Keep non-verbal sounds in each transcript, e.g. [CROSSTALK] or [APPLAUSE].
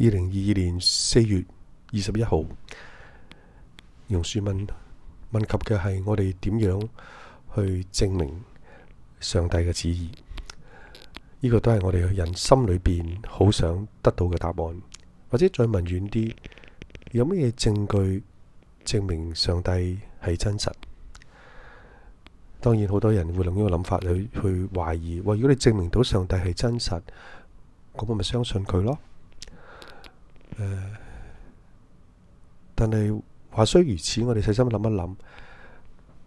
二零二二年四月二十一號，用書問問及嘅係我哋點樣去證明上帝嘅旨意？呢、這個都係我哋人心裏邊好想得到嘅答案，或者再問遠啲，有乜嘢證據證明上帝係真實？當然，好多人會用呢個諗法去去懷疑。喂，如果你證明到上帝係真實，咁我咪相信佢咯。Uh, 但係話雖如此，我哋細心諗一諗，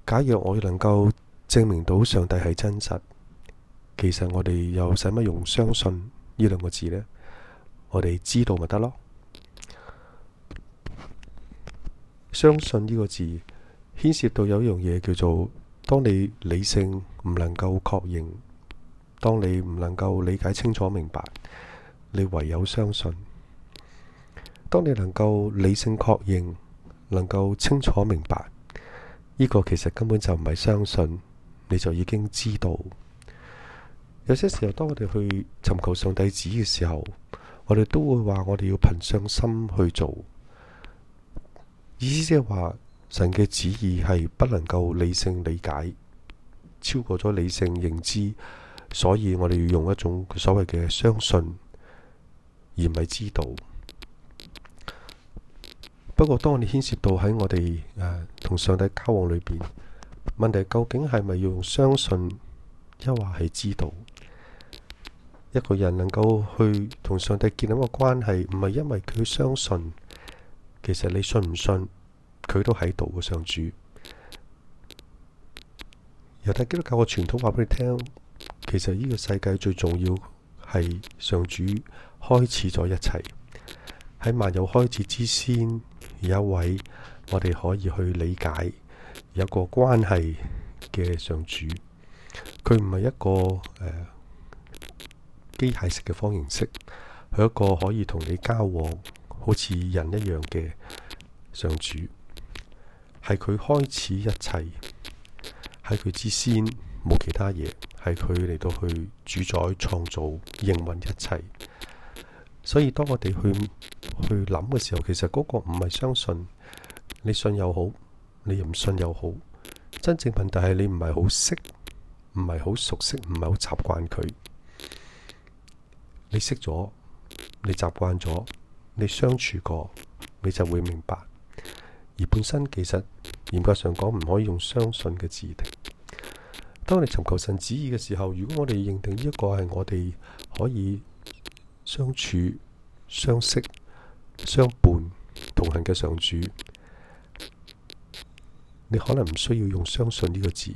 假若我能夠證明到上帝係真實，其實我哋又使乜用相信呢兩個字呢？我哋知道咪得咯？相信呢個字牽涉到有一樣嘢叫做，當你理性唔能夠確認，當你唔能夠理解清楚明白，你唯有相信。當你能夠理性確認，能夠清楚明白，呢個其實根本就唔係相信，你就已經知道。有些時候，當我哋去尋求上帝旨意嘅時候，我哋都會話我哋要憑信心去做。意思即係話，神嘅旨意係不能夠理性理解，超過咗理性認知，所以我哋要用一種所謂嘅相信，而唔係知道。不過，當你牽涉到喺我哋誒同上帝交往裏邊，問題究竟係咪要用相信，抑或係知道？一個人能夠去同上帝建立一個關係，唔係因為佢相信，其實你信唔信，佢都喺度嘅。上主猶太基督教嘅傳統話俾你聽，其實呢個世界最重要係上主開始咗一切喺萬有開始之先。有一位我哋可以去理解，有個關係嘅上主，佢唔係一個呃、機械式嘅方程式，佢一個可以同你交往，好似人一樣嘅上主，係佢開始一切，喺佢之先冇其他嘢，係佢嚟到去主宰、創造、營運一切。所以當我哋去去諗嘅時候，其實嗰個唔係相信，你信又好，你唔信又好，真正問題係你唔係好識，唔係好熟悉，唔係好習慣佢。你識咗，你習慣咗，你相處過，你就會明白。而本身其實嚴格上講唔可以用相信嘅字。定當你尋求神旨意嘅時候，如果我哋認定呢一個係我哋可以。相處、相識、相伴、同行嘅上主，你可能唔需要用相信呢個字，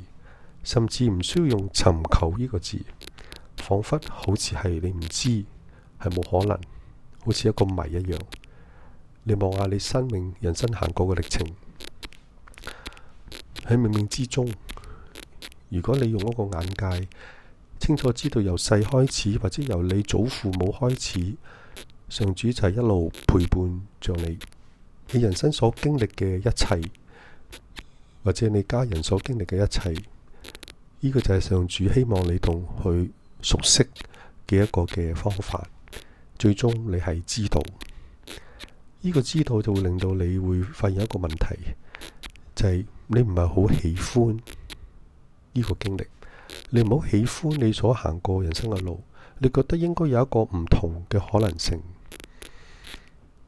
甚至唔需要用尋求呢個字，仿佛好似係你唔知，係冇可能，好似一個謎一樣。你望下你生命、人生行過嘅歷程，喺冥冥之中，如果你用嗰個眼界，清楚知道由細開始，或者由你祖父母開始，上主就係一路陪伴着你。你人生所經歷嘅一切，或者你家人所經歷嘅一切，呢個就係上主希望你同佢熟悉嘅一個嘅方法。最終你係知道呢個知道就會令到你會發現一個問題，就係你唔係好喜歡呢個經歷。你唔好喜歡你所行過人生嘅路，你覺得應該有一個唔同嘅可能性。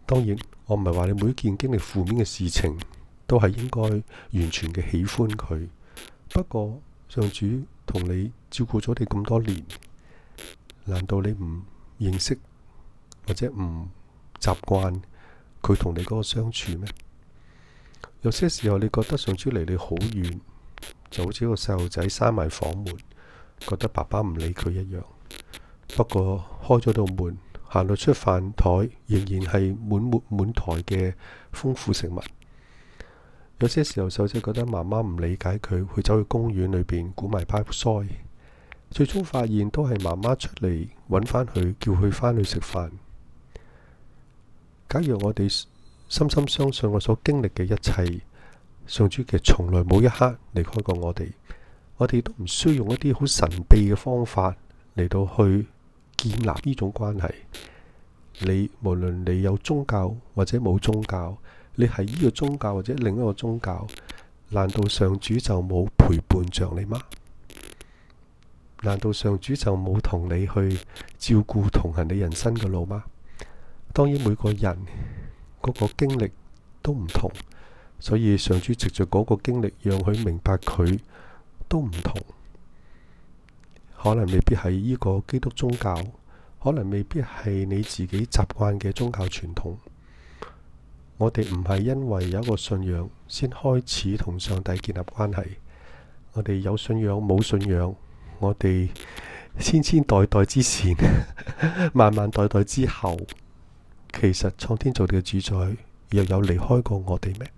當然，我唔係話你每件經歷負面嘅事情都係應該完全嘅喜歡佢。不過上主同你照顧咗你咁多年，難道你唔認識或者唔習慣佢同你嗰個相處咩？有些時候你覺得上主離你好遠。就好似個細路仔閂埋房門，覺得爸爸唔理佢一樣。不過開咗道門，行到出飯台，仍然係滿滿滿台嘅豐富食物。有些時候，細路仔覺得媽媽唔理解佢，會走去公園裏邊鼓埋把腮。最終發現都係媽媽出嚟揾翻佢，叫佢翻去食飯。假如我哋深深相信我所經歷嘅一切。上主其實從來冇一刻離開過我哋，我哋都唔需要用一啲好神秘嘅方法嚟到去建立呢種關係。你無論你有宗教或者冇宗教，你係呢個宗教或者另一個宗教，難道上主就冇陪伴着你嗎？難道上主就冇同你去照顧同行你人生嘅路嗎？當然每個人嗰個經歷都唔同。所以，上主藉着嗰個經歷，讓佢明白，佢都唔同，可能未必係依個基督宗教，可能未必係你自己習慣嘅宗教傳統。我哋唔係因為有一個信仰先開始同上帝建立關係，我哋有信仰，冇信仰，我哋千千代代之前，萬 [LAUGHS] 萬代代之後，其實創天造地嘅主宰又有離開過我哋咩？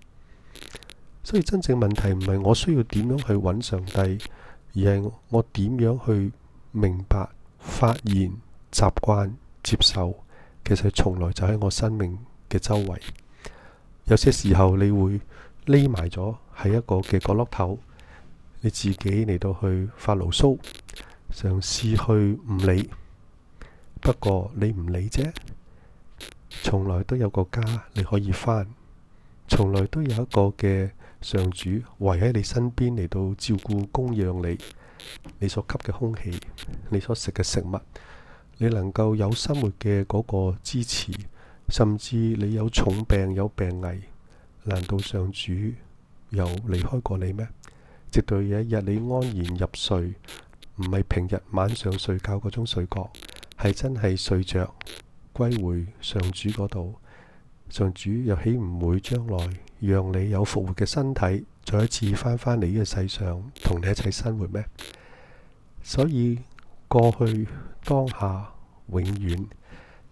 所以真正問題唔係我需要點樣去揾上帝，而係我點樣去明白、發現、習慣、接受。其實從來就喺我生命嘅周圍。有些時候你會匿埋咗喺一個嘅角落頭，你自己嚟到去發牢騷，嘗試去唔理。不過你唔理啫，從來都有個家你可以翻，從來都有一個嘅。上主圍喺你身邊嚟到照顧供養你，你所吸嘅空氣，你所食嘅食物，你能夠有生活嘅嗰個支持，甚至你有重病有病危，難道上主又離開過你咩？直到有一日你安然入睡，唔係平日晚上睡覺嗰種睡覺，係真係睡着歸回上主嗰度。上主又豈唔會將來讓你有復活嘅身體，再一次翻返嚟呢個世上同你一齊生活咩？所以過去、當下、永遠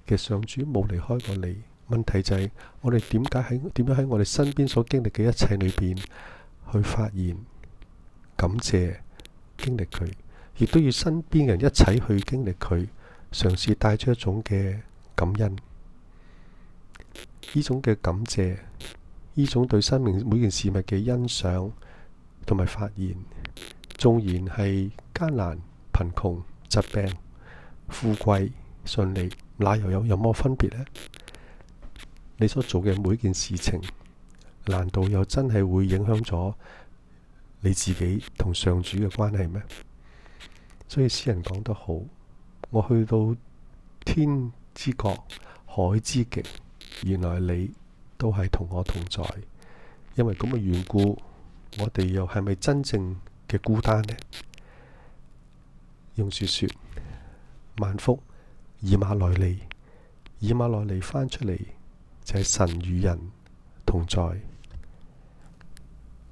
嘅上主冇離開過你。問題就係我哋點解喺點樣喺我哋身邊所經歷嘅一切裏邊去發現、感謝、經歷佢，亦都要身邊人一齊去經歷佢，嘗試帶出一種嘅感恩。呢種嘅感謝，呢種對生命每件事物嘅欣賞同埋發現，縱然係艱難、貧窮、疾病、富貴、順利，那又有有麼分別呢？你所做嘅每件事情，難道又真係會影響咗你自己同上主嘅關係咩？所以詩人講得好：我去到天之角，海之極。原來你都係同我同在，因為咁嘅緣故，我哋又係咪真正嘅孤單呢？用說說，萬福以馬內利，以馬內利翻出嚟就係神與人同在。